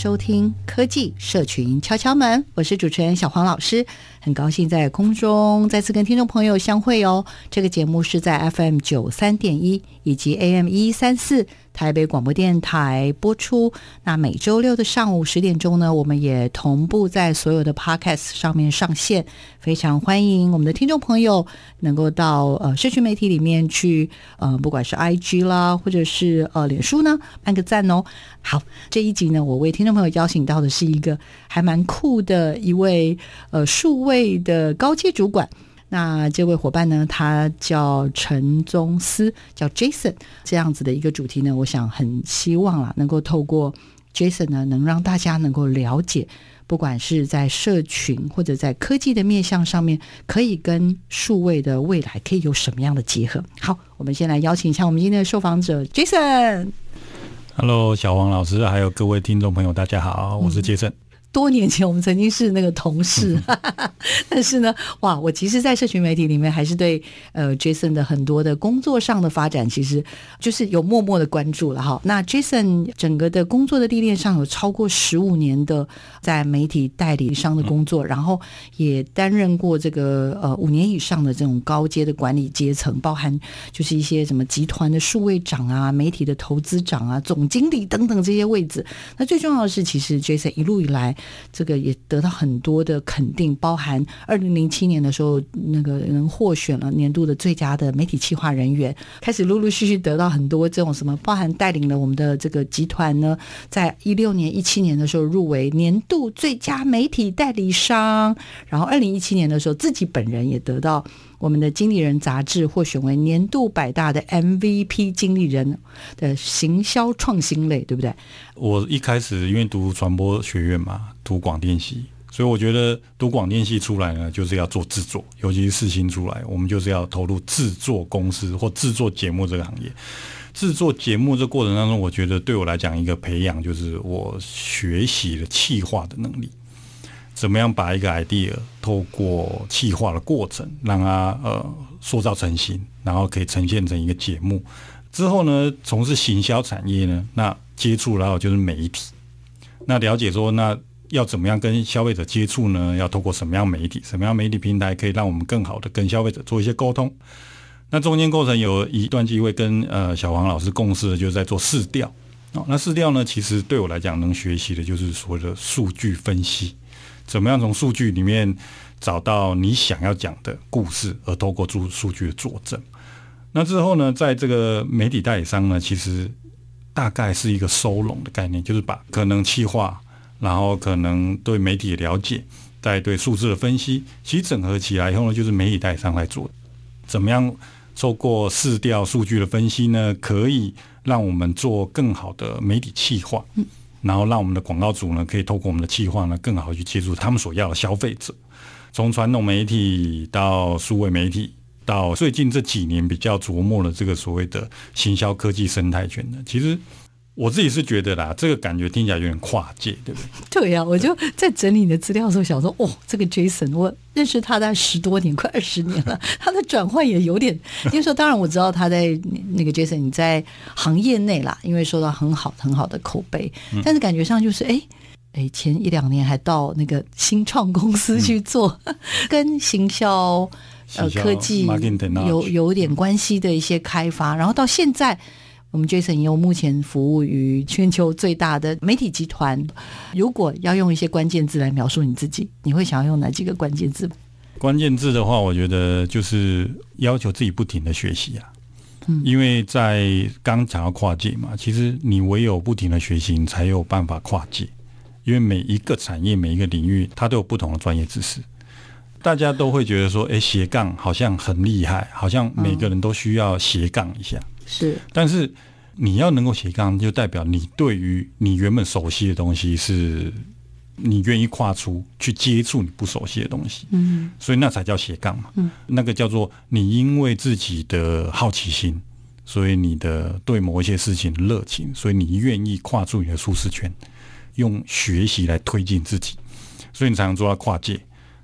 收聽科技社群敲敲門，我是主持人小黃老師，很高興在空中再次跟聽眾朋友相會哦。這個節目是在 FM 九三點一以及 AM 一三四。台北廣播電台播出，那每周六的上午十點鐘呢，我們也同步在所有的 Podcast 上面上線，非常歡迎我們的聽眾朋友能夠到呃社群媒體裡面去，呃，不管是 IG 啦，或者是呃臉書呢，按個讚哦。好，這一集呢，我為聽眾朋友邀請到的是一個還蠻酷的一位呃數位的高階主管。那這位伙伴呢？他叫陳宗斯，叫 Jason。這樣子的一個主題呢，我想很希望啊能夠透過 Jason 呢，能讓大家能夠了解，不管是在社群或者在科技的面向上面，可以跟數位的未來可以有什麼樣的結合。好，我們先來邀請一下我們今天的受訪者 Jason。Hello，小黃老師，還有各位聽眾朋友，大家好，我是 Jason。嗯多年前，我們曾經是那個同事，哈哈哈，但是呢，哇，我其實，在社群媒體裡面，還是對呃 Jason 的很多的工作上的發展，其實就是有默默的關注了哈。那 Jason 整個的工作的歷練上，有超過十五年的在媒體代理商的工作，然後也擔任過這個呃五年以上的這種高階的管理階層，包含就是一些什麼集團的數位長啊、媒體的投資長啊、總經理等等這些位置。那最重要的是，其實 Jason 一路以來。這個也得到很多的肯定，包含二零零七年的時候，那個人獲選了年度的最佳的媒體企劃人員，開始陸陸續續得到很多這種什麼，包含帶領了我們的這個集團呢，在一六年、一七年的時候入圍年度最佳媒體代理商，然後二零一七年的時候自己本人也得到。我們的經理人雜誌獲選為年度百大的 MVP 經理人的行銷創新類，對不對？我一開始因為讀傳播學院嘛，讀廣電系，所以我覺得讀廣電系出來呢，就是要做製作，尤其是世新出來，我們就是要投入製作公司或製作節目這個行業。製作節目這過程當中，我覺得對我來講一個培養，就是我學習了企劃的能力。怎麼樣把一個 idea 透過企劃的過程，讓它呃塑造成型，然後可以呈現成一個節目？之後呢，從事行銷產業呢，那接觸然後就是媒體，那了解說那要怎麼樣跟消費者接觸呢？要透過什麼樣媒體？什麼樣媒體平台可以讓我們更好的跟消費者做一些溝通？那中間過程有一段機會跟呃小黃老師共事的，就是在做市調。哦，那市調呢，其實對我來講能學習的就是所謂的數據分析。怎麼樣從數據裡面找到你想要講的故事，而透過數數據的佐證？那之後呢，在這個媒體代理商呢，其實大概是一個收攏的概念，就是把可能企劃，然後可能對媒體了解，再對數字的分析，其實整合起來以後呢，就是媒體代理商來做。怎麼樣透過市調數據的分析呢，可以讓我們做更好的媒體企劃？嗯然後讓我們的廣告主呢，可以透過我們的計劃呢，更好去接觸他們所要的消費者。從傳統媒體到數位媒體，到最近這幾年比較琢磨了這個所謂的行銷科技生態圈呢，其實。我自己是覺得啦，這個感覺聽起來有點跨界，對不對？對呀、啊，我就在整理你的資料的時候想說，哦，這個 Jason，我認識他大概十多年，快二十年了， 他的轉換也有點。因為說，當然我知道他在那個 Jason，你在行業內啦，因為受到很好很好的口碑，但是感覺上就是，哎哎、嗯，前一兩年還到那個新創公司去做、嗯、跟行銷呃行銷科技有有、有點關係的一些開發，然後到現在。我們 Jason 也有目前服務於全球最大的媒體集團，如果要用一些關鍵字來描述你自己，你會想要用哪幾個關鍵字？關鍵字的話，我覺得就是要求自己不停的學習啊。嗯，因為在剛講到跨界嘛，其實你唯有不停的學習，你才有辦法跨界。因為每一個產業、每一個領域，它都有不同的專業知識。大家都會覺得說，誒、欸，斜槓好像很厲害，好像每個人都需要斜槓一下。嗯是，但是你要能夠斜槓，就代表你對於你原本熟悉的東西是，你願意跨出去接觸你不熟悉的東西，嗯，所以那才叫斜槓嘛，嗯，那個叫做你因為自己的好奇心，所以你的對某一些事情的熱情，所以你願意跨出你的舒適圈，用學習來推進自己，所以你才能做到跨界，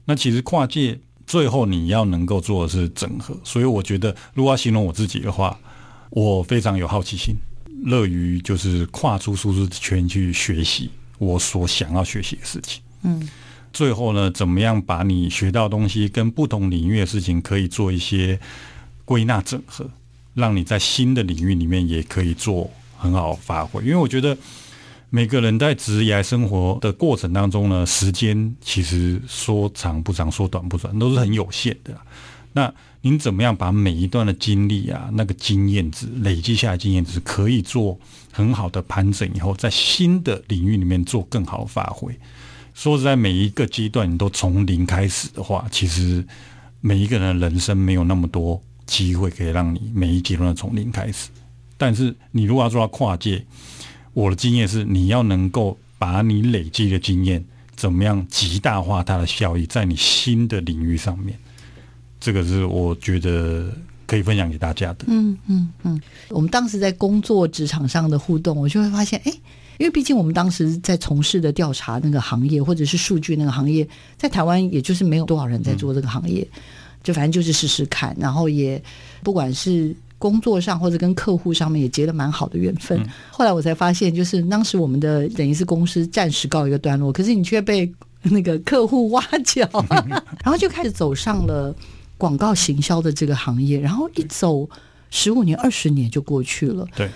那其實跨界最後你要能夠做的是整合，所以我覺得如果要形容我自己的話。我非常有好奇心，樂於就是跨出舒適圈去學習我所想要學習的事情。嗯，最後呢，怎麼樣把你學到東西跟不同領域的事情可以做一些歸納整合，讓你在新的領域裡面也可以做很好發揮。因為我覺得每個人在職業生活的過程當中呢，時間其實說長不長，說短不短，都是很有限的。那您怎麼樣把每一段的經歷啊，那個經驗值累積下的經驗值可以做很好的盤整以後，在新的領域裡面做更好的發揮。說實在，每一個階段你都從零開始的話，其實每一個人的人生沒有那麼多機會可以讓你每一階段都從零開始。但是你如果要做到跨界，我的經驗是，你要能夠把你累積的經驗怎麼樣極大化它的效益，在你新的領域上面。這個是我覺得可以分享給大家的嗯。嗯嗯嗯，我們當時在工作職場上的互動，我就會發現，誒，因為畢竟我們當時在從事的調查那個行業，或者是數據那個行業，在台灣也就是沒有多少人在做這個行業，嗯、就反正就是試試看。然後也不管是工作上或者跟客戶上面也結了蠻好的緣分。嗯、後來我才發現，就是當時我們的等於是公司暫時告一個段落，可是你卻被那個客戶挖角，嗯、然後就開始走上了。廣告行銷的這個行業，然後一走十五年，二十年就過去了。對，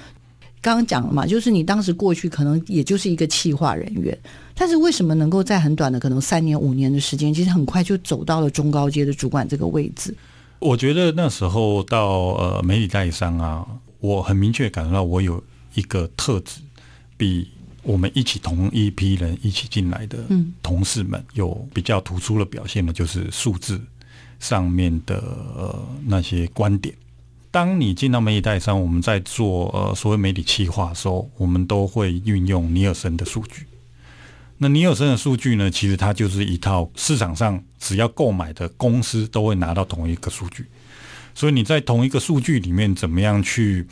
剛剛講了嘛，就是你當時過去可能也就是一個企劃人員，但是為什麼能夠在很短的可能三年、五年的時間，其實很快就走到了中高階的主管這個位置？我覺得那時候到呃媒體代理商啊，我很明確感覺到我有一個特質，比我們一起同一批人一起進來的嗯同事們有比較突出的表現的就是數字。嗯上面的，呃，那些觀點，當你進到媒體代理商，我們在做呃所謂媒體企劃的時候，我們都會運用尼爾森的數據。那尼爾森的數據呢，其實它就是一套市場上只要購買的公司都會拿到同一個數據，所以你在同一個數據裡面怎麼樣去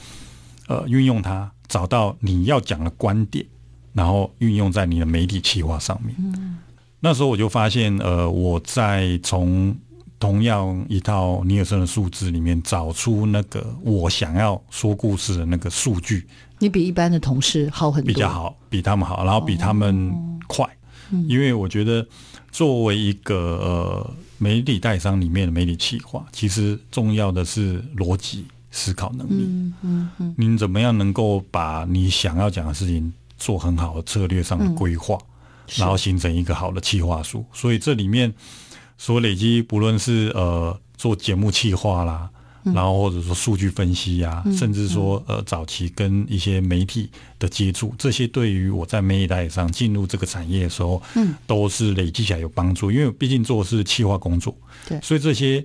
呃運用它，找到你要講的觀點，然後運用在你的媒體企劃上面。嗯，那時候我就發現，呃，我在從同樣一套尼爾森的數字裡面，找出那個我想要說故事的那個數據。你比一般的同事好很多，比較好，比他們好，然後比他們快。因為我覺得，作為一個呃、媒體代理商裡面的媒體企劃，其實重要的是邏輯思考能力。嗯嗯，嗯嗯，你怎麼樣能夠把你想要講的事情做很好的策略上的規劃，嗯、然後形成一個好的企劃書？所以這裡面。所以累積不論是呃做節目企劃啦，嗯、然後或者說數據分析呀、啊，嗯嗯、甚至說呃早期跟一些媒體的接觸，這些對於我在媒體上進入這個產業的時候，嗯，都是累積起來有幫助。因為畢竟做的是企劃工作，對、嗯，所以這些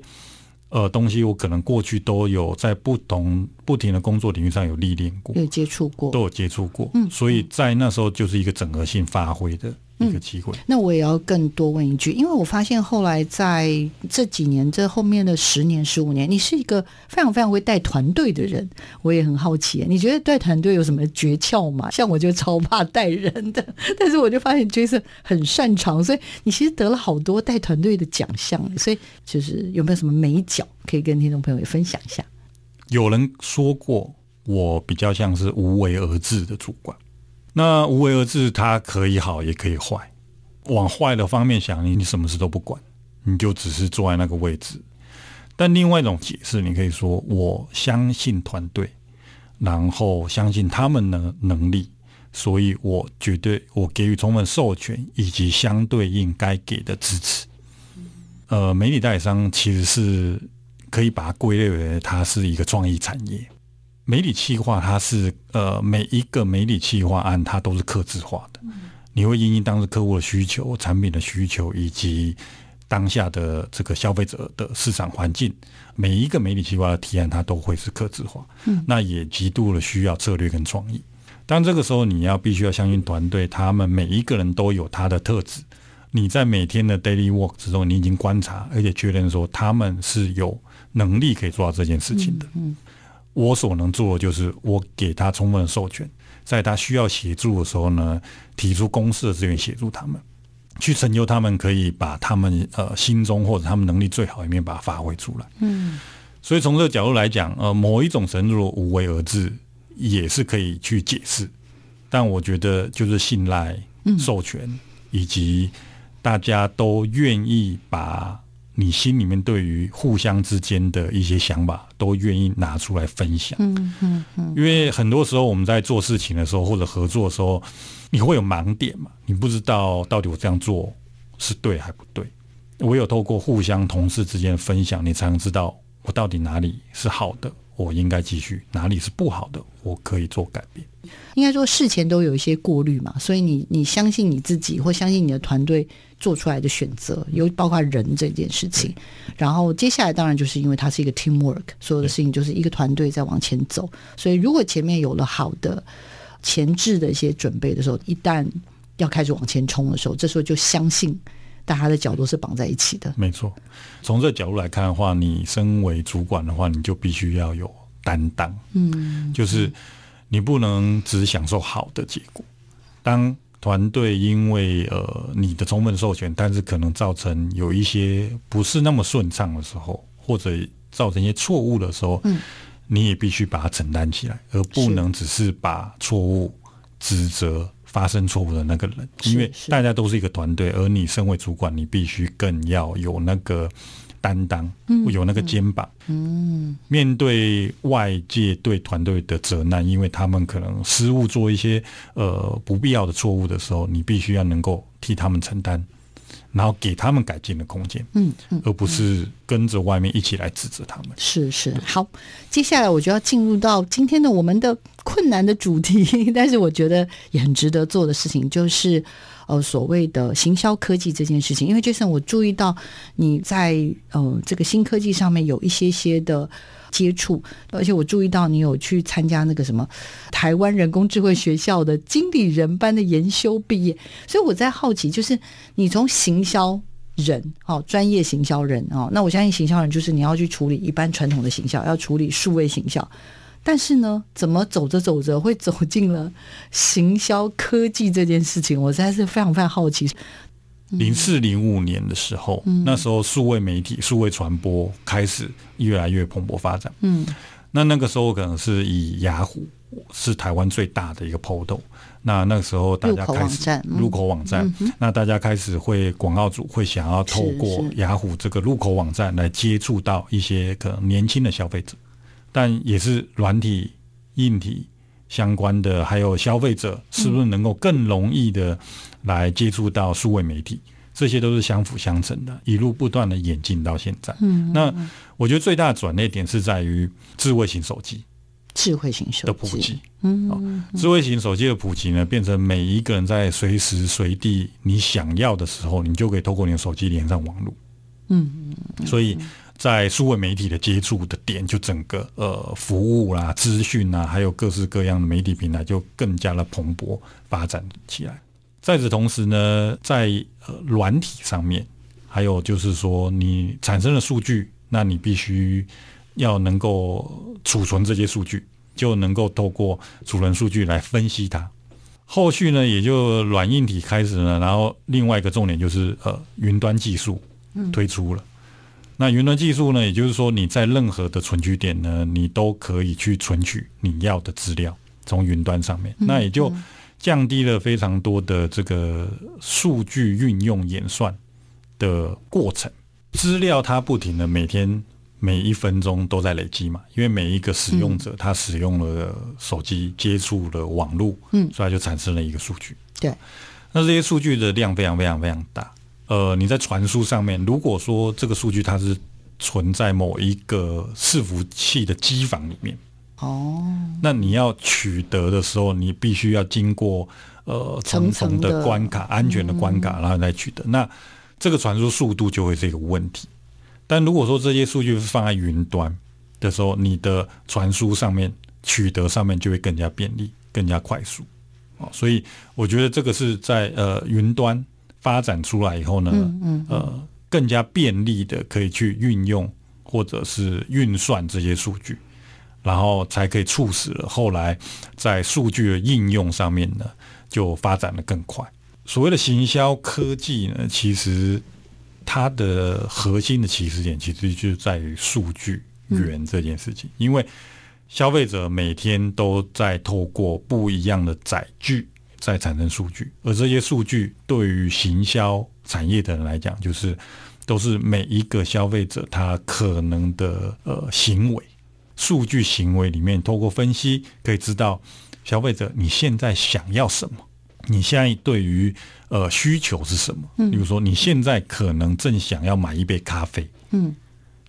呃東西我可能過去都有在不同不停的工作領域上有歷練過，有接觸過，都有接觸過，嗯，所以在那時候就是一個整合性發揮的。一個機會、嗯，那我也要更多問一句，因為我發現後來在這幾年，這後面的十年、十五年，你是一個非常非常會帶團隊的人，我也很好奇，你覺得帶團隊有什麼訣竅嗎？像我就超怕帶人的，但是我就發現 Jason 很擅長，所以你其實得了好多帶團隊的獎項，所以就是有沒有什麼眉角可以跟聽眾朋友也分享一下？有人說過，我比較像是無為而治的主管。那無為而治，它可以好，也可以壞。往壞的方面想，你你什麼事都不管，你就只是坐在那個位置。但另外一種解釋，你可以說：我相信團隊，然後相信他們的能力，所以我絕對我給予充分授權以及相對應該給的支持。呃，媒體代理商其實是可以把它歸類為它是一個創意產業。媒體企劃，它是呃，每一個媒體企劃案，它都是客製化的。你會因應當時客戶的需求、產品的需求，以及當下的這個消費者的市場環境，每一個媒體企劃的提案，它都會是客製化。嗯，那也極度的需要策略跟創意。當這個時候，你要必須要相信團隊，他們每一個人都有他的特質。你在每天的 daily work 之中，你已經觀察而且確認說，他們是有能力可以做到這件事情的。嗯。嗯我所能做的就是我給他充分的授權，在他需要協助的時候呢，提出公司的資源協助他們，去成就他們，可以把他們呃心中或者他們能力最好一面把它發揮出來。嗯，所以從這個角度來講，呃，某一種神如果無為而治也是可以去解釋，但我覺得就是信賴、授權以及大家都願意把。你心裡面對於互相之間的一些想法，都願意拿出來分享。嗯嗯嗯。因為很多時候我們在做事情的時候，或者合作的時候，你會有盲點嘛。你不知道到底我這樣做是對還不對？唯有透過互相同事之間的分享，你才能知道我到底哪裡是好的，我應該繼續；哪裡是不好的，我可以做改變。應該說事前都有一些過濾嘛，所以你你相信你自己，或相信你的團隊。做出來的選擇有包括人這件事情，對然後接下來當然就是因為它是一個 teamwork，對所有的事情就是一個團隊在往前走，對所以如果前面有了好的前置的一些準備的時候，一旦要開始往前衝的時候，這時候就相信大家的角度是綁在一起的。沒錯，從這角度來看的話，你身為主管的話，你就必須要有擔當，嗯，就是你不能只享受好的結果，當。團隊因為呃你的充分授權，但是可能造成有一些不是那麼順暢的時候，或者造成一些錯誤的時候，嗯，你也必須把它承擔起來，而不能只是把錯誤指責發生錯誤的那個人，因為大家都是一個團隊，而你身為主管，你必須更要有那個。擔當，有那個肩膀。嗯，嗯，面對外界對團隊的責難，因為他們可能失誤做一些呃不必要的錯誤的時候，你必須要能夠替他們承擔，然後給他們改進的空間，嗯。嗯嗯，而不是跟着外面一起來指責他們。是是，對好，接下來我就要進入到今天的我們的困難的主題，但是我覺得也很值得做的事情就是。呃，所謂的行銷科技這件事情，因為 Jason，我注意到你在呃這個新科技上面有一些些的接觸，而且我注意到你有去參加那個什麼台灣人工智慧學校的經理人班的研修畢業，所以我在好奇，就是你從行銷人哦，專業行銷人哦，那我相信行銷人就是你要去處理一般傳統的行銷，要處理數位行銷。但是呢，怎麼走着走着會走進了行銷科技這件事情？我實在是非常非常好奇。零四零五年的時候，嗯、那時候數位媒體、數位傳播開始越來越蓬勃發展。嗯，那那個時候可能是以雅虎是台灣最大的一個 portal 那那個時候大家開始入口網站，嗯、入口網站，嗯、哼那大家開始會廣告主會想要透過雅虎這個入口網站來接觸到一些可能年輕的消費者。但也是軟體、硬體相關的，還有消費者是不是能夠更容易的來接觸到數位媒體？嗯，這些都是相輔相成的，一路不斷的演進到現在。嗯嗯嗯。那我覺得最大的轉捩點是在於智慧型手機，智慧型手機的普及。嗯嗯。智慧型手機的普及呢，變成每一個人在隨時隨地你想要的時候，你就可以透過你的手機連上網絡。嗯，嗯，嗯，所以。在數位媒體的接觸的點，就整個呃服務啦、啊、資訊啊，還有各式各樣的媒體平台，就更加的蓬勃發展起來。在此同時呢，在呃、軟體上面，還有就是說你產生了數據，那你必須要能夠儲存這些數據，就能夠透過儲存數據來分析它。後續呢，也就軟硬體開始呢，然後另外一個重點就是呃，雲端技術推出了。嗯那雲端技術呢，也就是說，你在任何的存取點呢，你都可以去存取你要的資料，從雲端上面。那也就降低了非常多的這個數據運用演算的過程。資料它不停的每天每一分鐘都在累積嘛，因為每一個使用者他使用了手機接觸了網絡，嗯，所以就產生了一個數據。對，那這些數據的量非常非常非常大。呃，你在傳輸上面，如果說這個數據它是存在某一個伺服器的機房裡面，哦，那你要取得的時候，你必須要經過呃重重的關卡、安全的關卡，然後再取得。嗯，那這個傳輸速度就會是一個問題。但如果說這些數據是放在雲端的時候，你的傳輸上面、取得上面就會更加便利、更加快速哦，所以我覺得這個是在呃雲端，發展出來以後呢，嗯嗯、呃，更加便利的可以去運用或者是運算這些數據，然後才可以促使了後來在數據的應用上面呢，就發展的更快。所謂的行銷科技呢，其實它的核心的起始點，其實就在於數據源這件事情，嗯、因為消費者每天都在透過不一樣的載具。再產生數據，而這些數據對於行銷產業的人來講，就是都是每一個消費者他可能的呃行為數據行為裡面，透過分析可以知道消費者你現在想要什麼，你現在對於呃需求是什麼？比如說你現在可能正想要買一杯咖啡，嗯，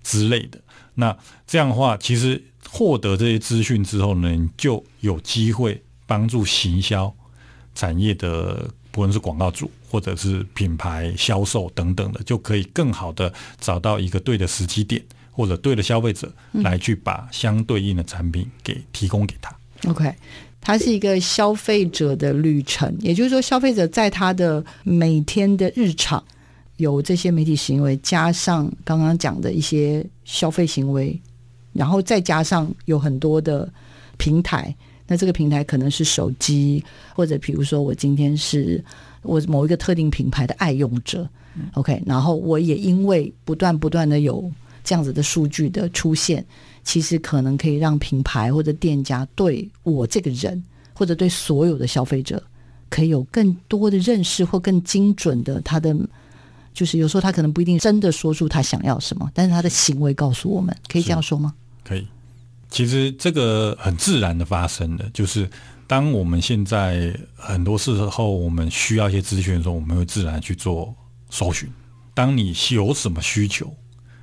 之類的。那這樣的話，其實獲得這些資訊之後呢，就有機會幫助行銷。產業的，不論是廣告主或者是品牌銷售等等的，就可以更好的找到一個對的時機點，或者對的消費者來去把相對應的產品給提供給他。嗯、OK，它是一個消費者的旅程，也就是說，消費者在他的每天的日常有這些媒體行為，加上剛剛講的一些消費行為，然後再加上有很多的平台。那這個平台可能是手機，或者比如說我今天是我某一個特定品牌的愛用者，嗯，OK，然後我也因為不斷不斷的有這樣子的數據的出現，其實可能可以讓品牌或者店家對我這個人，或者對所有的消費者，可以有更多的認識或更精準的他的，就是有時候他可能不一定真的說出他想要什麼，但是他的行為告訴我們，可以這樣說嗎？可以。其實這個很自然的發生的，就是當我們現在很多時候我們需要一些資訊的時候，我們會自然去做搜尋。當你有什麼需求，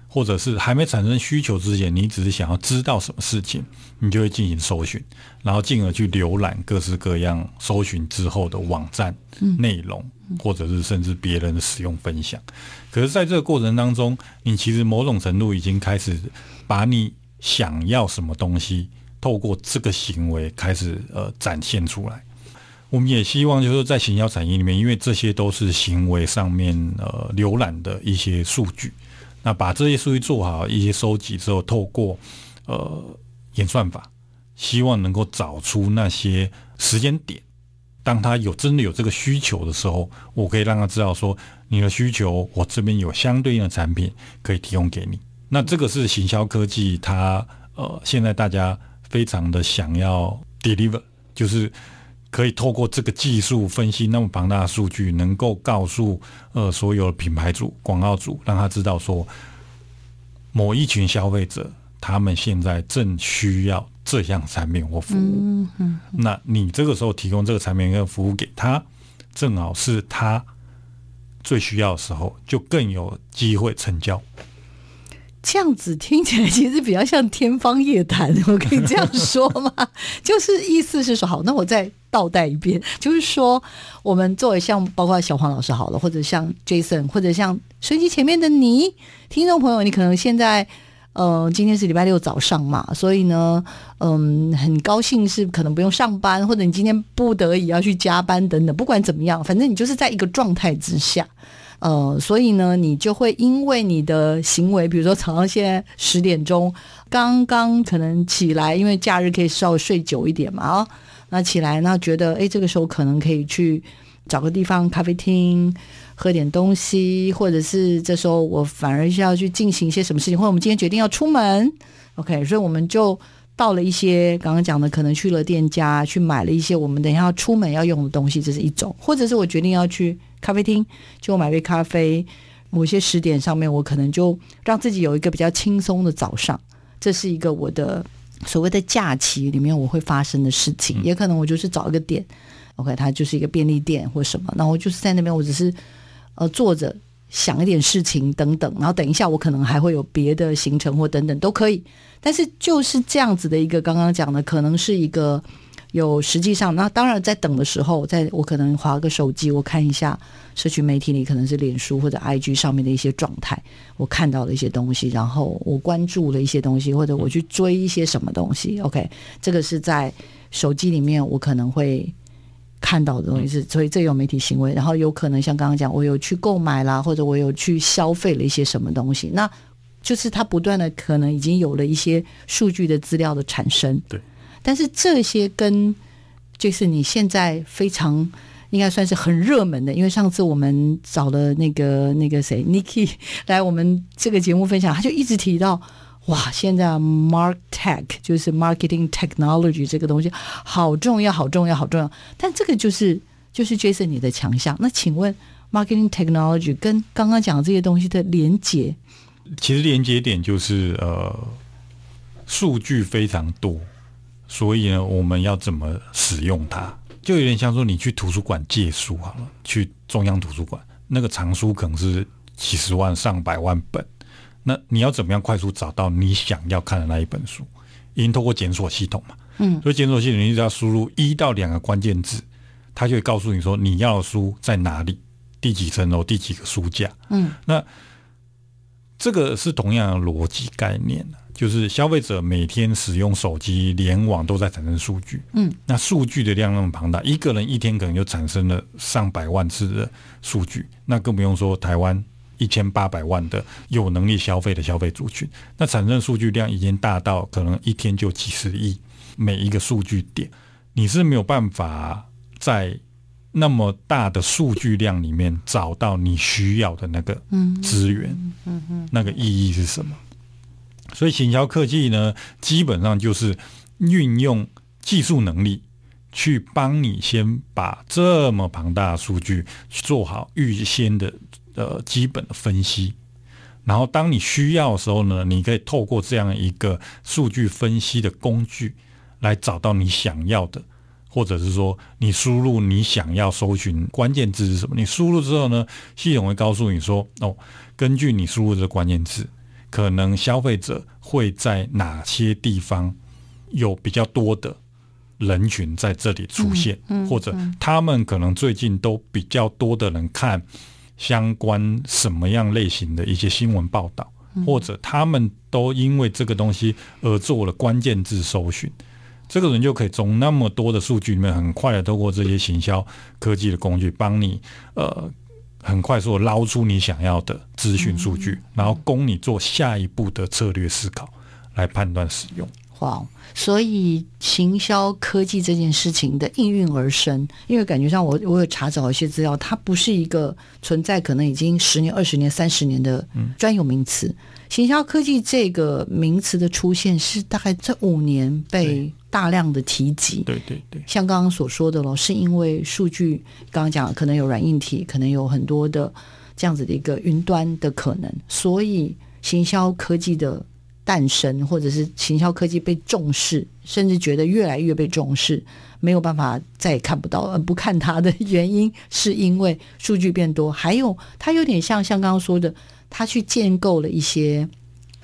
或者是還沒產生需求之前，你只是想要知道什麼事情，你就會進行搜尋，然後進而去瀏覽各式各樣搜尋之後的網站內容，或者是甚至別人的使用分享。可是，在這個過程當中，你其實某種程度已經開始把你。想要什麼東西，透過這個行為開始呃展現出來。我們也希望，就是說在行銷產業裡面，因為這些都是行為上面呃瀏覽的一些數據，那把這些數據做好，一些收集之後，透過呃演算法，希望能夠找出那些時間點，當他有真的有這個需求的時候，我可以讓他知道說，你的需求我這邊有相對應的產品可以提供給你。那這個是行銷科技，它呃，現在大家非常的想要 deliver，就是可以透過這個技術分析那麼龐大的數據，能夠告訴呃所有品牌主、廣告主，讓他知道說，某一群消費者他們現在正需要這項產品或服務，那你這個時候提供這個產品跟服務給他，正好是他最需要的時候，就更有機會成交。這樣子聽起來其實比較像天方夜譚，我可以這樣說嗎？ 就是意思是說，好，那我再倒帶一遍，就是說，我們作為像包括小黃老師好了，或者像 Jason，或者像隨機前面的你聽眾朋友，你可能現在呃，今天是禮拜六早上嘛，所以呢，嗯、呃，很高興是可能不用上班，或者你今天不得已要去加班等等，不管怎麼樣，反正你就是在一個狀態之下。呃，所以呢，你就會因為你的行為，比如說，早上現在十點鐘剛剛可能起來，因為假日可以稍微睡久一點嘛，啊，那起來呢，那覺得誒、欸，這個時候可能可以去找個地方咖啡廳喝點東西，或者是這時候我反而是要去進行一些什麼事情，或者我們今天決定要出門，OK，所以我們就到了一些剛剛講的，可能去了店家去買了一些我們等一下要出門要用的東西，這是一種；或者是我決定要去咖啡廳，就買杯咖啡。某些時點上面，我可能就讓自己有一個比較輕鬆的早上，這是一個我的所謂的假期裡面我會發生的事情。嗯、也可能我就是找一個點，OK，它就是一個便利店或什麼，然後就是在那邊我只是呃坐着。想一點事情等等，然後等一下我可能還會有別的行程或等等都可以，但是就是這樣子的一個剛剛講的，可能是一個有實際上那當然在等的時候，在我可能滑個手機，我看一下社群媒體裡可能是臉書或者 IG 上面的一些狀態，我看到了一些東西，然後我關注了一些東西，或者我去追一些什麼東西。OK，這個是在手機裡面我可能會。看到的東西是，所以這有媒體行為，然後有可能像剛剛講，我有去購買啦，或者我有去消費了一些什麼東西，那就是它不斷的可能已經有了一些數據的資料的產生。對，但是這些跟就是你現在非常應該算是很熱門的，因為上次我們找了那個那個誰 Niki 來我們這個節目分享，他就一直提到。哇，現在啊，Martech 就是 marketing technology 這個東西好重要，好重要，好重要。但這個就是就是 Jason 你的強項。那請問 marketing technology 跟剛剛講的這些東西的連結？其實連結點就是呃，數據非常多，所以呢，我們要怎麼使用它？就有點像說你去圖書館借書好了，去中央圖書館，那個藏書可能是幾十萬、上百萬本。那你要怎麼樣快速找到你想要看的那一本書？已經透過檢索系統嘛，嗯，所以檢索系統你只要輸入一到兩個關鍵字，它就會告訴你說你要的書在哪裡，第幾層樓、第幾個書架，嗯，那這個是同樣的邏輯概念，就是消費者每天使用手機、聯網都在產生數據，嗯，那數據的量那麼龐大，一個人一天可能就產生了上百萬次的數據，那更不用說台灣。一千八百萬的有能力消費的消費族群，那產生數據量已經大到可能一天就幾十億，每一個數據點，你是沒有辦法在那麼大的數據量裡面找到你需要的那個資源，嗯嗯嗯嗯、那個意義是什麼？所以，行銷科技呢，基本上就是運用技術能力去幫你先把這麼龐大的數據做好預先的。呃，基本的分析，然後當你需要的時候呢，你可以透過這樣一個數據分析的工具來找到你想要的，或者是說你輸入你想要搜尋關鍵字是什麼？你輸入之後呢，系統會告訴你說哦，根據你輸入這個關鍵字，可能消費者會在哪些地方有比較多的人群在這裡出現，嗯嗯嗯、或者他們可能最近都比較多的人看，相關什麼樣類型的一些新聞報道，或者他們都因為這個東西而做了關鍵字搜尋，這個人就可以從那麼多的數據裡面，很快的透過這些行銷科技的工具，幫你呃，很快速的撈出你想要的資訊數據，然後供你做下一步的策略思考，來判斷使用。哦，Wow, 所以行銷科技這件事情的應運而生，因為感覺上我我有查找一些資料，它不是一個存在可能已經十年、二十年、三十年的專有名詞。嗯、行銷科技這個名詞的出現是大概這五年被大量的提及。對，對對對，像剛剛所說的咯，是因為數據剛剛講可能有軟硬體，可能有很多的這樣子的一個雲端的可能，所以行銷科技的。誕生，或者是行銷科技被重視，甚至覺得越來越被重視，沒有辦法再也看不到，不看它的原因是因為數據變多，還有它有點像像剛剛說的，他去建構了一些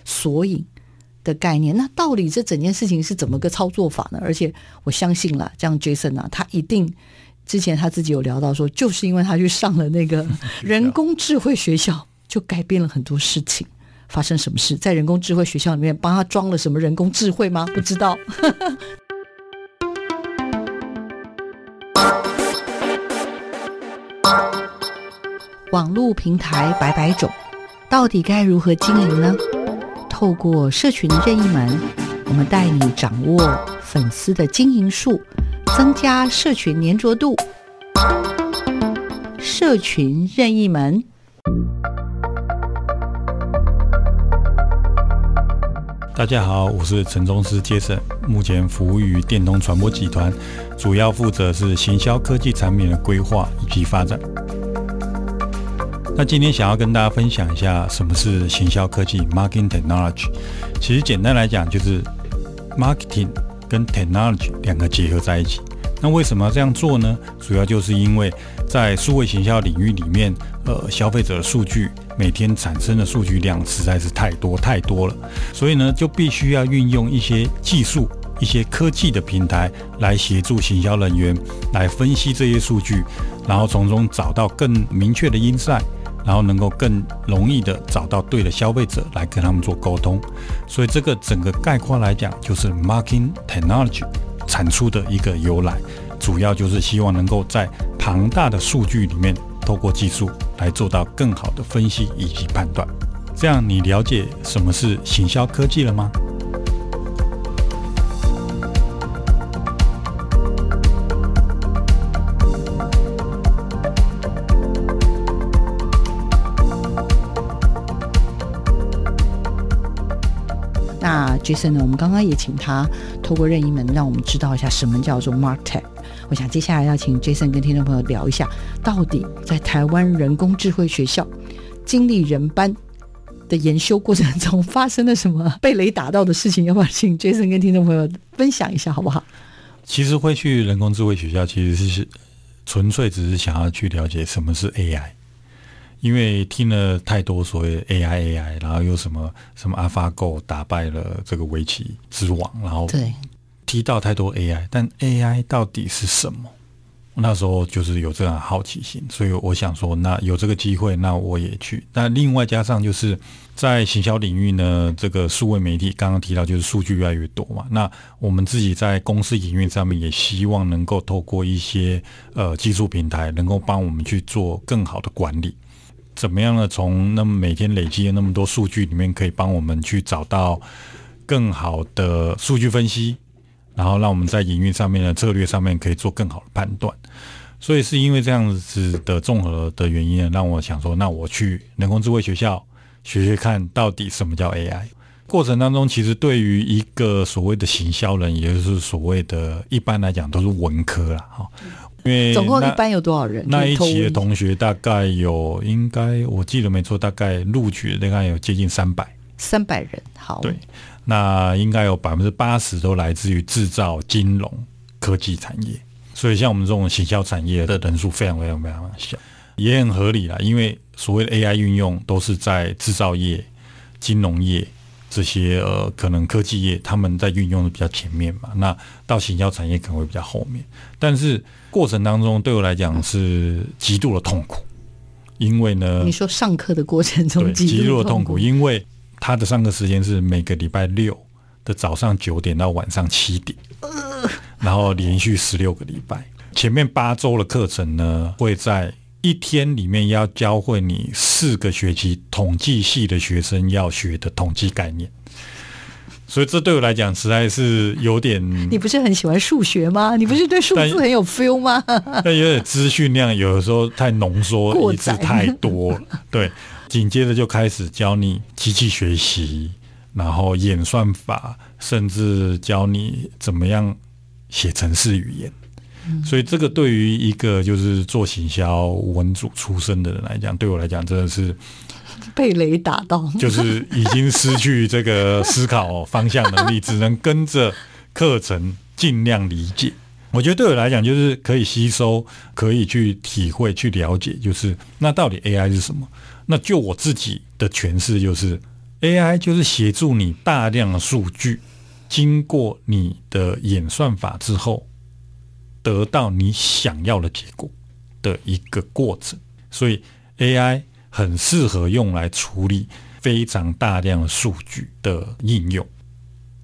索引的概念。那到底這整件事情是怎麼個操作法呢？而且我相信了，這樣 Jason 啊，他一定之前他自己有聊到說，就是因為他去上了那個人工智慧學校，就改變了很多事情。發生什麼事？在人工智慧學校裡面幫他裝了什麼人工智慧嗎？不知道。 網絡平台百百種，到底該如何經營呢？透過社群任意門，我們帶你掌握粉絲的經營術，增加社群粘着度。社群任意門。大家好，我是陳宗斯 Jason，目前服務於電通傳播集團，主要負責是行銷科技產品的規劃以及發展。那今天想要跟大家分享一下什麼是行銷科技 （Marketing Technology）。其實簡單來講，就是 marketing 跟 technology 兩個結合在一起。那為什麼要這樣做呢？主要就是因為在數位行銷領域裡面，呃，消費者的數據每天產生的數據量實在是太多太多了，所以呢，就必須要運用一些技術、一些科技的平台來協助行銷人員來分析這些數據，然後從中找到更明確的 insight，然後能夠更容易的找到對的消費者來跟他們做溝通。所以這個整個概括來講，就是 Marketing Technology 產出的一個由來，主要就是希望能夠在龐大的數據裡面，透過技術來做到更好的分析以及判斷，這樣你了解什麼是行銷科技了嗎？那 Jason 呢？我們剛剛也請他透過任意門，讓我們知道一下什麼叫做 Martech。我想接下來要請 Jason 跟聽眾朋友聊一下，到底在台灣人工智慧學校經理人班的研修過程中發生了什麼被雷打到的事情？要不要請 Jason 跟聽眾朋友分享一下，好不好？其實會去人工智慧學校，其實是純粹只是想要去了解什麼是 AI，因為聽了太多所謂 AI AI，然後又什麼什麼 AlphaGo 打敗了這個圍棋之王，然後對。提到太多 AI，但 AI 到底是什麼？那時候就是有這樣好奇心，所以我想說，那有這個機會，那我也去。那另外加上，就是在行銷領域呢，這個數位媒體剛剛提到，就是數據越來越多嘛。那我們自己在公司營運上面，也希望能夠透過一些呃技術平台，能夠幫我們去做更好的管理。怎麼樣呢？從那麼每天累積的那麼多數據裡面，可以幫我們去找到更好的數據分析。然後讓我們在營運上面的策略上面可以做更好的判斷，所以是因為這樣子的綜合的原因，讓我想說，那我去人工智慧學校學學看到底什麼叫 AI。過程當中，其實對於一個所謂的行銷人，也就是所謂的一般來講都是文科啦。哈。因為總共一般有多少人？那一期的同學大概有，應該我記得沒錯，大概錄取大概有接近三百，三百人。好，對。那應該有百分之八十都來自於製造、金融、科技產業，所以像我們這種行銷產業的人數非常非常非常少，也很合理啦。因為所謂的 AI 運用都是在製造業、金融業這些呃可能科技業他們在運用的比較前面嘛，那到行銷產業可能會比較後面。但是過程當中對我來講是極度的痛苦，因為呢，你說上課的過程中極度的痛苦，因為。他的上課時間是每個禮拜六的早上九點到晚上七點，然後連續十六個禮拜。前面八周的課程呢，會在一天裡面要教會你四個學期統計系的學生要學的統計概念。所以這對我來講實在是有點……你不是很喜歡數學嗎？你不是對數字很有 feel 嗎？但，但有點資訊量，有的時候太濃縮、一次太多了，對。緊接着就開始教你機器學習，然後演算法，甚至教你怎麼樣寫程式語言。所以這個對於一個就是做行銷文組出身的人來講，對我來講真的是被雷打到，就是已經失去這個思考方向能力，只能跟着課程盡量理解。我覺得對我來講，就是可以吸收，可以去體會，去了解，就是那到底 AI 是什麼？那就我自己的詮釋就是，AI 就是協助你大量的數據，經過你的演算法之後，得到你想要的結果的一個過程。所以 AI 很適合用來處理非常大量的數據的應用。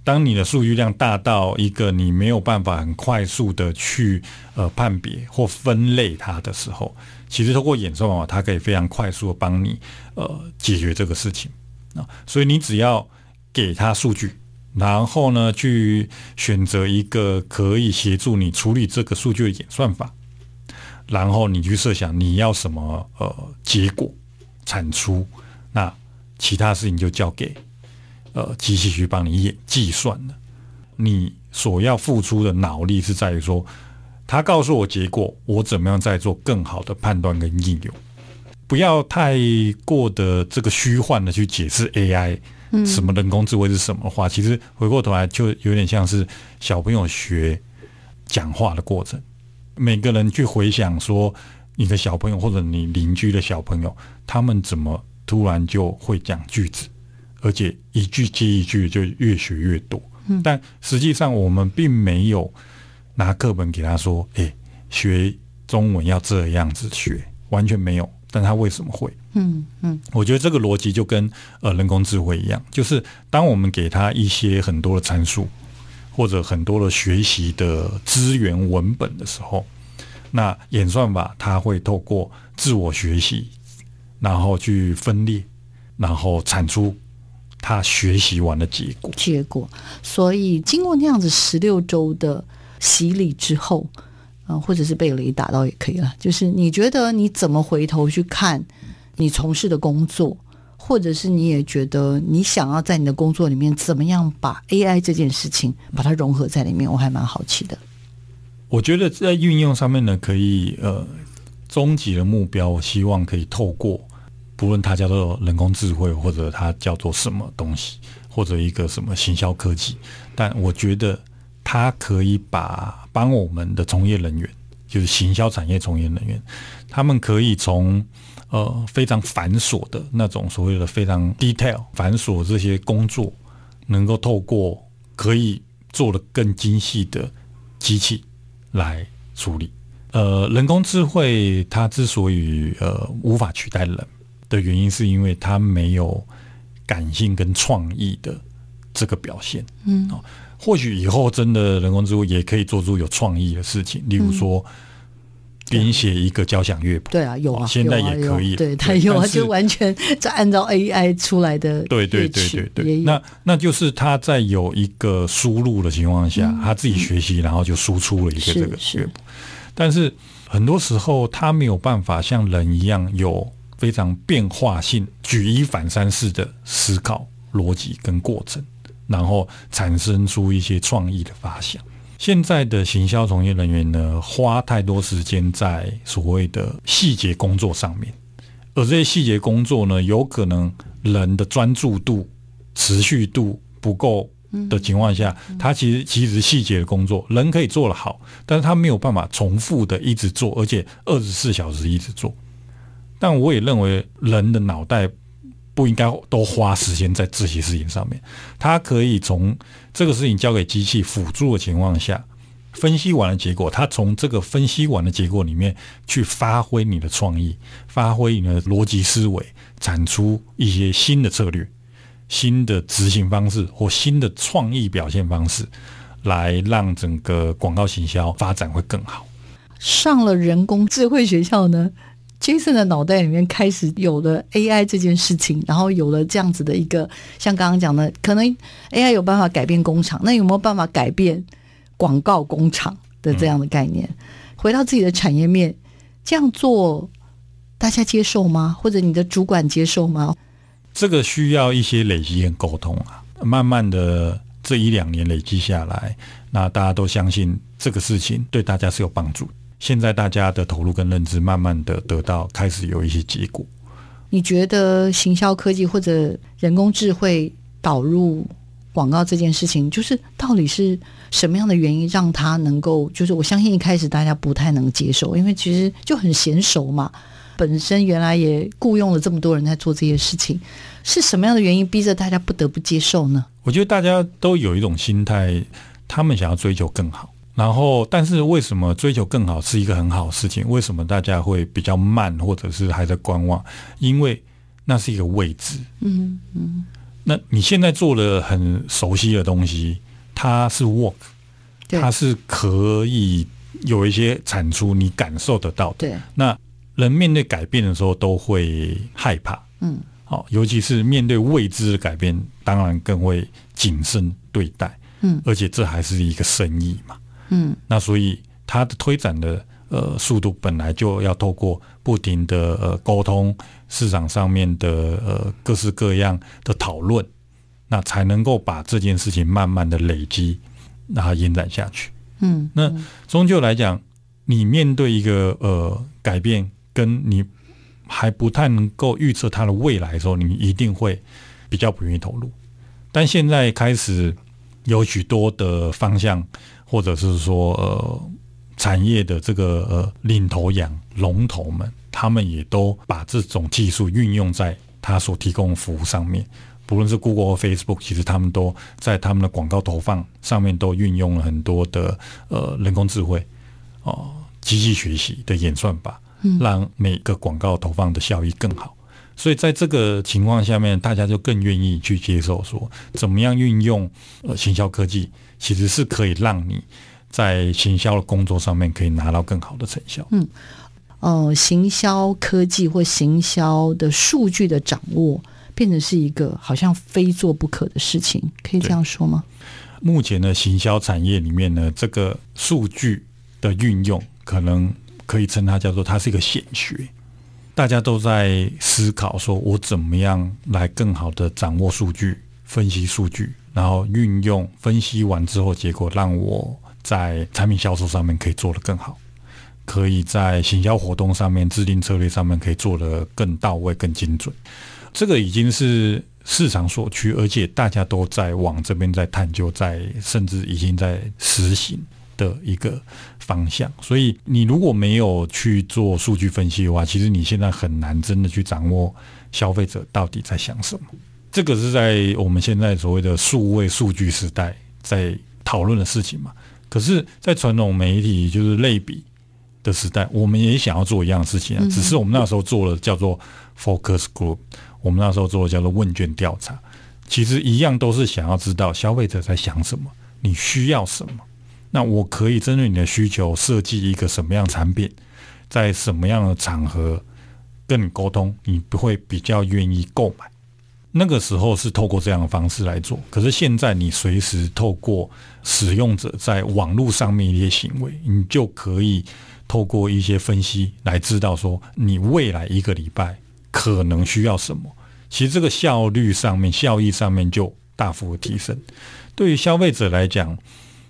當你的數據量大到一個你沒有辦法很快速的去呃判別或分類它的時候，其實透過演算法，它可以非常快速的幫你呃解決這個事情。啊，所以你只要給他數據，然後呢，去選擇一個可以協助你處理這個數據的演算法，然後你去設想你要什麼呃結果產出，那其他事情就交給。呃，機器去幫你演計算的，你所要付出的腦力是在於說，他告訴我結果，我怎麼樣再做更好的判斷跟應用？不要太過的這個虛幻的去解釋 AI，什麼人工智慧是什麼話？嗯，其實回過頭來就有點像是小朋友學講話的過程。每個人去回想說，你的小朋友或者你鄰居的小朋友，他們怎麼突然就會講句子？而且一句接一句，就越學越多。嗯，但實際上，我們並沒有拿課本給他說：“誒、欸，學中文要這樣子學。”完全沒有。但他為什麼會？嗯嗯，嗯我覺得這個邏輯就跟呃人工智慧一樣，就是當我們給他一些很多的參數或者很多的學習的資源文本的時候，那演算法它會透過自我學習，然後去分裂，然後產出。他學習完的結果，結果，所以經過那樣子十六週的洗禮之後，嗯、呃，或者是被雷打到也可以了。就是你覺得你怎麼回頭去看你從事的工作，或者是你也覺得你想要在你的工作裡面怎麼樣把 AI 這件事情把它融合在裡面，我還蠻好奇的。我覺得在運用上面呢，可以呃，終極的目標，我希望可以透過。無論它叫做人工智慧，或者它叫做什麼東西，或者一個什麼行銷科技，但我覺得它可以把幫我們的從業人員，就是行銷產業從業人員，他們可以從呃非常繁瑣的那種所謂的非常 detail 繁瑣這些工作，能夠透過可以做得更精細的機器來處理。呃，人工智慧它之所以呃無法取代人，的原因是因為他沒有感性跟創意的這個表現，嗯，或許以後真的人工智慧也可以做出有創意的事情，嗯、例如說編寫對一個交響樂譜，對啊，有啊，現在也可以、啊啊啊，對，他有啊，就完全在按照 AI 出來的，對對對對對，那那就是他在有一個輸入的情況下，嗯、他自己學習，然後就輸出了一個這個樂譜是，是但是很多時候他沒有辦法像人一樣有。非常變化性，舉一反三式的思考邏輯跟過程，然後產生出一些創意的發想。現在的行銷從業人員呢，花太多時間在所謂的細節工作上面，而這些細節工作呢，有可能人的專注度、持續度不夠的情況下，他其實其實細節的工作，人可以做得好，但是他沒有辦法重複的一直做，而且二十四小時一直做。但我也認為，人的腦袋不應該都花時間在這些事情上面。他可以從這個事情交給機器輔助的情況下，分析完了結果，他從這個分析完的結果裡面去發揮你的創意，發揮你的邏輯思維，產出一些新的策略、新的執行方式或新的創意表現方式，來讓整個廣告行銷發展會更好。上了人工智慧學校呢？Jason 的腦袋裡面開始有了 AI 這件事情，然後有了這樣子的一個，像剛剛講的，可能 AI 有辦法改變工廠，那有沒有辦法改變廣告工廠的這樣的概念？嗯、回到自己的產業面，這樣做大家接受嗎？或者你的主管接受嗎？這個需要一些累積跟溝通啊，慢慢的這一兩年累積下來，那大家都相信這個事情對大家是有幫助的。現在大家的投入跟認知慢慢的得到開始有一些結果，你覺得行銷科技或者人工智慧導入廣告這件事情，就是到底是什麼樣的原因讓他能夠？就是我相信一開始大家不太能接受，因為其實就很嫻熟嘛，本身原來也雇傭了這麼多人在做這些事情，是什麼樣的原因逼着大家不得不接受呢？我覺得大家都有一種心態，他們想要追求更好。然後，但是為什麼追求更好是一個很好的事情？為什麼大家會比較慢，或者是還在觀望？因為那是一個未知。嗯嗯。那你現在做的很熟悉的東西，它是 work，對它是可以有一些產出，你感受得到的。對。那人面對改變的時候都會害怕。嗯。好、哦，尤其是面對未知的改變，當然更會謹慎對待。嗯。而且這還是一個生意嘛。嗯，那所以它的推展的呃速度，本來就要透過不停的呃溝通，市場上面的呃各式各樣的討論，那才能夠把這件事情慢慢的累積，然後延展下去。嗯，嗯，那終究來講，你面對一個呃改變，跟你還不太能夠預測它的未來的時候，你一定會比較不願意投入。但現在開始有許多的方向。或者是說，呃，產業的這個呃領頭羊、龍頭們，他們也都把這種技術運用在他所提供的服務上面。不論是 Google 或 Facebook，其實他們都在他們的廣告投放上面都運用了很多的呃人工智慧哦，呃，機器學習的演算法，讓每個廣告投放的效益更好。嗯、所以在這個情況下面，大家就更願意去接受說，怎麼樣運用呃行銷科技。其實是可以讓你在行銷的工作上面可以拿到更好的成效。嗯，哦、呃，行銷科技或行銷的數據的掌握，變成是一個好像非做不可的事情，可以這樣說嗎？目前的行銷產業裡面呢，這個數據的運用，可能可以稱它叫做它是一個顯學，大家都在思考說，我怎麼樣來更好的掌握數據分析數據。然後運用分析完之後，結果讓我在產品銷售上面可以做得更好，可以在行銷活動上面、制定策略上面可以做得更到位、更精準。這個已經是市場所趨，而且大家都在往這邊在探究，在甚至已經在實行的一個方向。所以，你如果沒有去做數據分析的話，其實你現在很難真的去掌握消費者到底在想什麼。這個是在我們現在所謂的數位數據時代在討論的事情嘛？可是，在傳統媒體就是類比的時代，我們也想要做一樣的事情啊。只是我們那時候做了叫做 focus group，我們那時候做的叫做問卷調查，其實一樣都是想要知道消費者在想什麼，你需要什麼。那我可以針對你的需求設計一個什麼樣產品，在什麼樣的場合跟你溝通，你不會比較願意購買。那個時候是透過這樣的方式來做，可是現在你隨時透過使用者在網絡上面一些行為，你就可以透過一些分析來知道說，你未來一個禮拜可能需要什麼。其實這個效率上面、效益上面就大幅提升。對於消費者來講，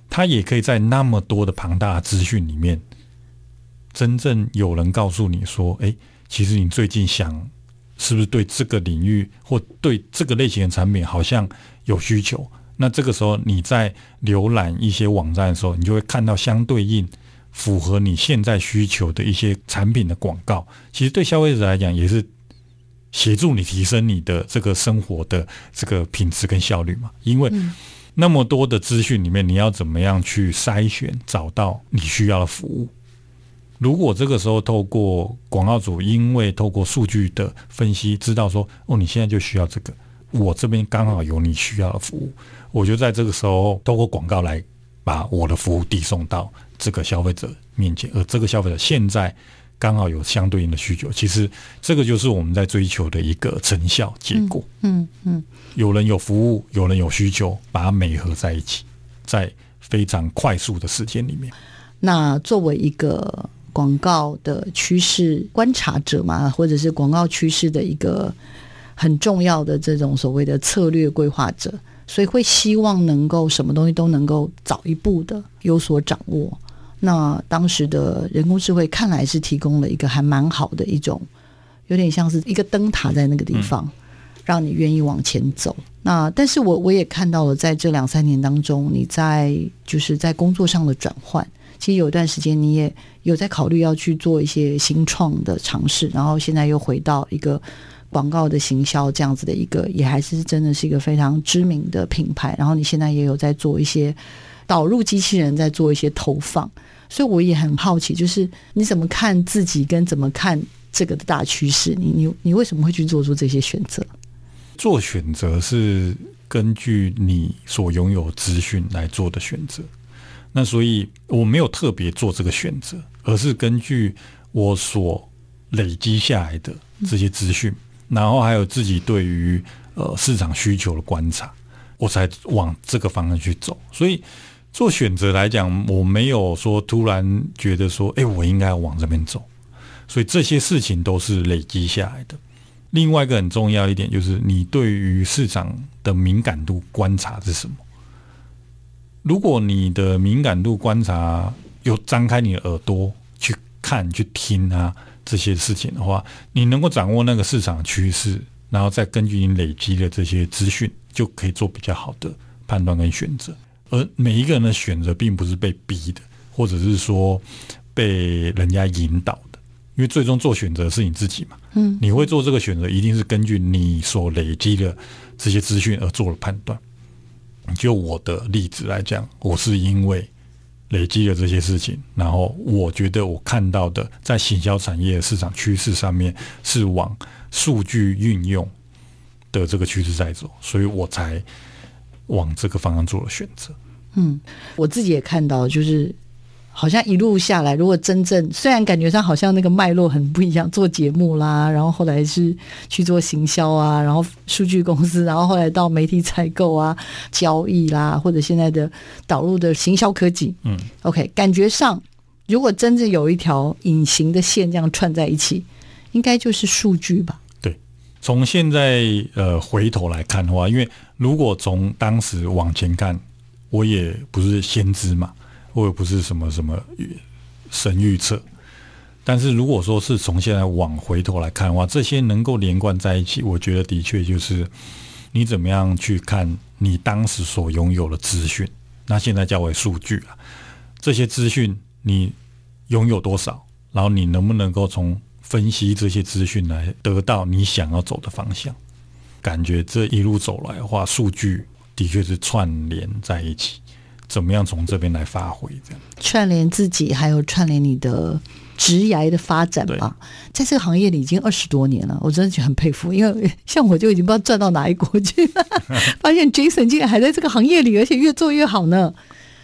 他也可以在那麼多的龐大的資訊裡面，真正有人告訴你說：“哎，其實你最近想。”是不是對這個領域或對這個類型的產品好像有需求？那這個時候你在瀏覽一些網站的時候，你就會看到相對應符合你現在需求的一些產品的廣告。其實對消費者來講，也是協助你提升你的這個生活的這個品質跟效率嘛。因為那麼多的資訊裡面，你要怎麼樣去篩選，找到你需要的服務。如果這個時候透過廣告主，因為透過數據的分析，知道說哦，你現在就需要這個，我這邊剛好有你需要的服務，我就在這個時候透過廣告來把我的服務遞送到這個消費者面前，而這個消費者現在剛好有相對應的需求，其實這個就是我們在追求的一個成效結果。嗯嗯，嗯嗯，有人有服務，有人有需求，把它媒合在一起，在非常快速的時間裡面。那作為一個廣告的趨勢觀察者嘛，或者是廣告趨勢的一個很重要的這種所謂的策略規劃者，所以會希望能夠什麼東西都能夠早一步的有所掌握。那當時的人工智慧看來是提供了一個還蠻好的一種，有點像是一個燈塔在那個地方，讓你願意往前走。嗯。那但是我我也看到了在這兩三年當中，你在就是在工作上的轉換。其實有一段時間，你也有在考慮要去做一些新創的嘗試，然後現在又回到一個廣告的行銷這樣子的一個，也還是真的是一個非常知名的品牌。然後你現在也有在做一些導入機器人，在做一些投放，所以我也很好奇，就是你怎麼看自己跟怎麼看這個的大趨勢？你你你為什麼會去做出這些選擇？做選擇是根據你所擁有資訊來做的選擇。那所以我沒有特別做這個選擇，而是根據我所累積下來的這些資訊，然後還有自己對於呃市場需求的觀察，我才往這個方向去走。所以做選擇來講，我沒有說突然覺得說，誒我應該要往這邊走。所以這些事情都是累積下來的。另外一個很重要一點就是，你對於市場的敏感度觀察是什麼？如果你的敏感度觀察又張開你的耳朵去看、去聽啊這些事情的話，你能夠掌握那個市場趨勢，然後再根據你累積的這些資訊，就可以做比較好的判斷跟選擇。而每一個人的選擇並不是被逼的，或者是說被人家引導的，因為最終做選擇的是你自己嘛。嗯，你會做這個選擇，一定是根據你所累積的這些資訊而做了判斷。就我的例子來講，我是因為累積了這些事情，然後我覺得我看到的在行銷產業市場趨勢上面是往數據運用的這個趨勢在走，所以我才往這個方向做了選擇。嗯，我自己也看到，就是。好像一路下來，如果真正雖然感覺上好像那個脈絡很不一樣，做節目啦，然後後來是去做行銷啊，然後數據公司，然後後來到媒體採購啊、交易啦，或者現在的導入的行銷科技，嗯，OK，感覺上如果真正有一條隱形的線這樣串在一起，應該就是數據吧？對，從現在呃回頭來看的話，因為如果從當時往前看，我也不是先知嘛。或者不是什麼什麼神預測，但是如果說是從現在往回頭來看的話，這些能夠連貫在一起，我覺得的確就是你怎麼樣去看你當時所擁有的資訊，那現在叫為數據了啊。這些資訊你擁有多少，然後你能不能夠從分析這些資訊來得到你想要走的方向？感覺這一路走來的話，數據的確是串聯在一起。怎麼樣從這邊來發揮這樣？串聯自己，還有串聯你的職涯的發展吧。對在這個行業裡已經二十多年了，我真的覺得很佩服。因為像我就已經不知道轉到哪一國去了，發現 Jason 竟然還在這個行業裡，而且越做越好呢。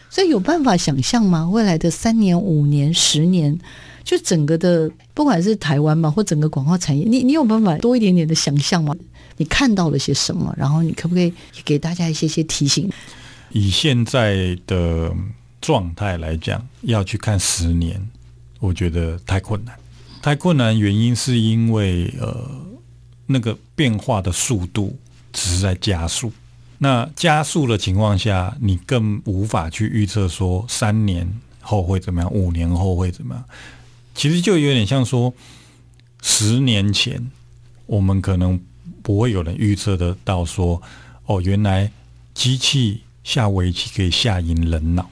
所以有辦法想象嗎？未來的三年、五年、十年，就整個的不管是台灣嘛，或整個廣告產業，你你有辦法多一點點的想象嗎？你看到了些什麼？然後你可不可以給大家一些些提醒？以現在的狀態來講，要去看十年，我覺得太困難。太困難原因是因為呃，那個變化的速度只是在加速。那加速的情況下，你更無法去預測說三年後會怎麼樣，五年後會怎麼樣。其實就有點像說，十年前我們可能不會有人預測得到說，哦，原來機器。下圍棋可以下贏人腦，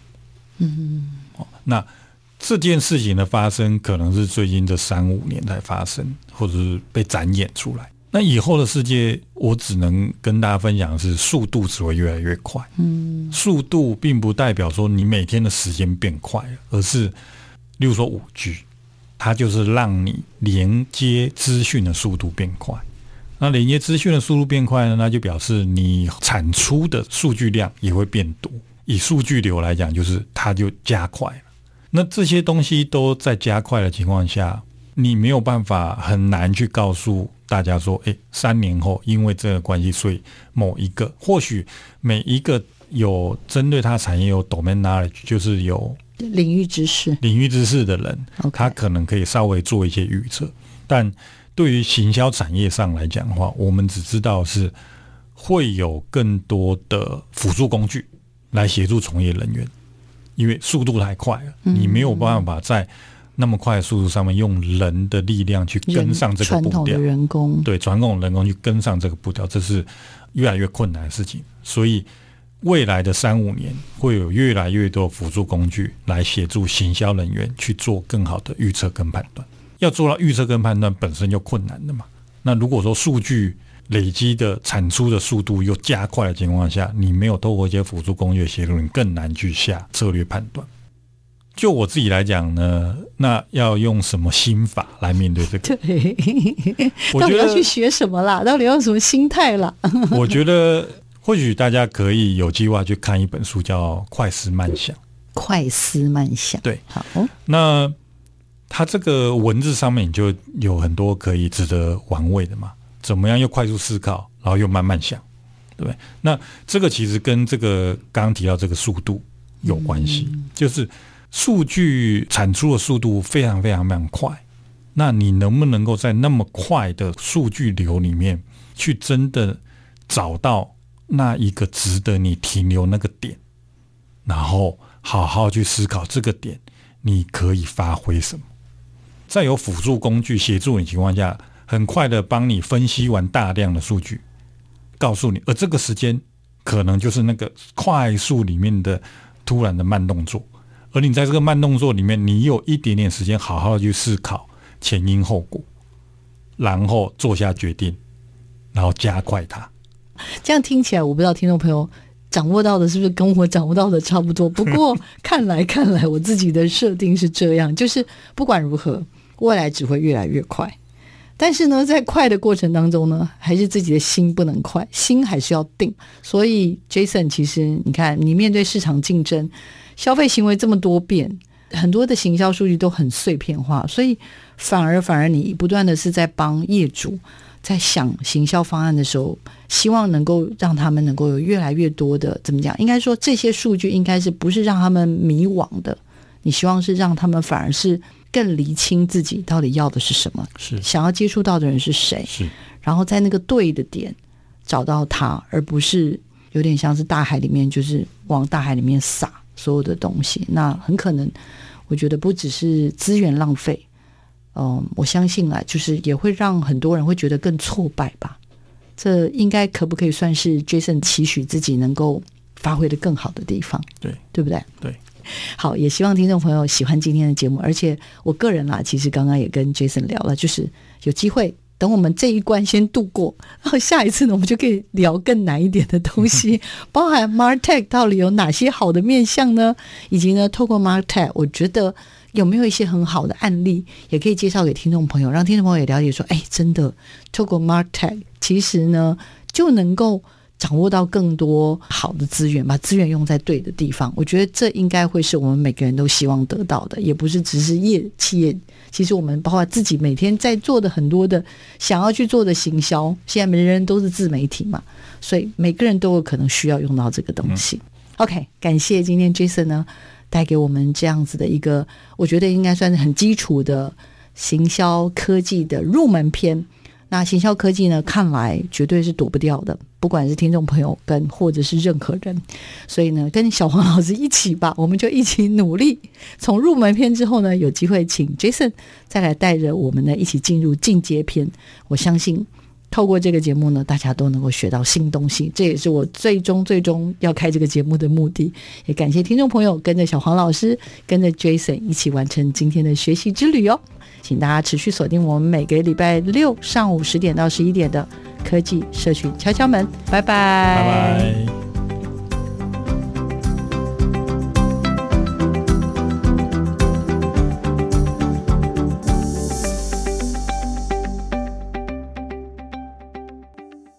嗯，那這件事情的發生可能是最近這三五年才發生，或者是被展演出來。那以後的世界，我只能跟大家分享的是，速度只會越來越快。嗯，速度並不代表說你每天的時間變快，而是例如說五 G，它就是讓你連接資訊的速度變快。那連接資訊的速度變快呢，那就表示你產出的數據量也會變多。以數據流來講，就是它就加快了。那這些東西都在加快的情況下，你沒有辦法，很難去告訴大家說，哎、欸，三年後因為這個關係，所以某一個或許每一個有針對他產業有 domain knowledge，就是有領域知識、領域知識的人，他、okay. 可能可以稍微做一些預測，但。對於行銷產業上來講的話，我們只知道是會有更多的輔助工具來協助從業人員，因為速度太快了，嗯嗯。你沒有辦法在那麼快的速度上面用人的力量去跟上這個步調，人，傳統的人工。對，傳統的人工去跟上這個步調，這是越來越困難的事情。所以未來的三五年會有越來越多輔助工具來協助行銷人員去做更好的預測跟判斷。要做到預測跟判斷本身就困難的嘛。那如果說數據累積的產出的速度又加快的情況下，你沒有透過一些輔助工業協助，你更難去下策略判斷。就我自己來講呢，那要用什麼心法來面對這個？對，到底要去學什麼啦？到底要什麼心態啦？ 我覺得或許大家可以有計劃去看一本書，叫《快思慢想》。快思慢想，對，好。那。它這個文字上面就有很多可以值得玩味的嘛，怎麼樣又快速思考，然後又慢慢想，對不對？那這個其實跟這個剛剛提到這個速度有關係，嗯、就是數據產出的速度非常非常非常快。那你能不能夠在那麼快的數據流裡面，去真的找到那一個值得你停留那個點，然後好好去思考這個點，你可以發揮什麼？在有輔助工具協助的情況下，很快的幫你分析完大量的數據，告訴你。而這個時間可能就是那個快速裡面的突然的慢動作。而你在這個慢動作裡面，你有一點點時間，好好去思考前因後果，然後做下決定，然後加快它。這樣聽起來，我不知道聽眾朋友掌握到的是不是跟我掌握到的差不多。不過 看來看來，我自己的設定是這樣，就是不管如何。未來只會越來越快，但是呢，在快的過程當中呢，還是自己的心不能快，心還是要定。所以，Jason，其實你看，你面對市場競爭、消費行為這麼多變，很多的行銷數據都很碎片化，所以反而反而你不斷的是在幫業主在想行銷方案的時候，希望能夠讓他們能夠有越來越多的，怎麼講，應該說，這些數據應該是不是讓他們迷惘的？你希望是讓他們反而是。更理清自己到底要的是什麼，是想要接觸到的人是誰，是然後在那個對的點找到他，而不是有點像是大海裡面，就是往大海裡面撒所有的東西。那很可能，我覺得不只是資源浪費，嗯、呃，我相信啊，就是也會讓很多人會覺得更挫敗吧。這應該可不可以算是 Jason 期許自己能夠發揮得更好的地方？對，對不對？對。好，也希望聽眾朋友喜歡今天的節目。而且我個人啦，其實剛剛也跟 Jason 聊了，就是有機會等我們這一關先度過，然後下一次呢，我們就可以聊更難一點的東西，嗯、哼包含 MarTech 到底有哪些好的面向呢？以及呢，透過 MarTech，我覺得有沒有一些很好的案例，也可以介紹給聽眾朋友，讓聽眾朋友也了解說，哎，真的，透過 MarTech，其實呢就能夠。掌握到更多好的資源，把資源用在對的地方，我覺得這應該會是我們每個人都希望得到的，也不是只是業企業。其實我們包括自己每天在做的很多的想要去做的行銷，現在人人都是自媒體嘛，所以每個人都有可能需要用到這個東西。嗯、OK，感謝今天 Jason 呢帶給我們這樣子的一個，我覺得應該算是很基礎的行銷科技的入門篇。那行銷科技呢？看來絕對是躲不掉的，不管是聽眾朋友跟或者是任何人，所以呢，跟小黃老師一起吧，我們就一起努力。從入門篇之後呢，有機會請 Jason 再來帶着我們呢一起進入進階篇，我相信。透過這個節目呢，大家都能夠學到新東西，這也是我最終最終要開這個節目的目的。也感謝聽眾朋友跟着小黃老師、跟着 Jason 一起完成今天的學習之旅哦。請大家持續鎖定我們每個禮拜六上午十點到十一點的科技社群敲敲門，拜拜。拜拜。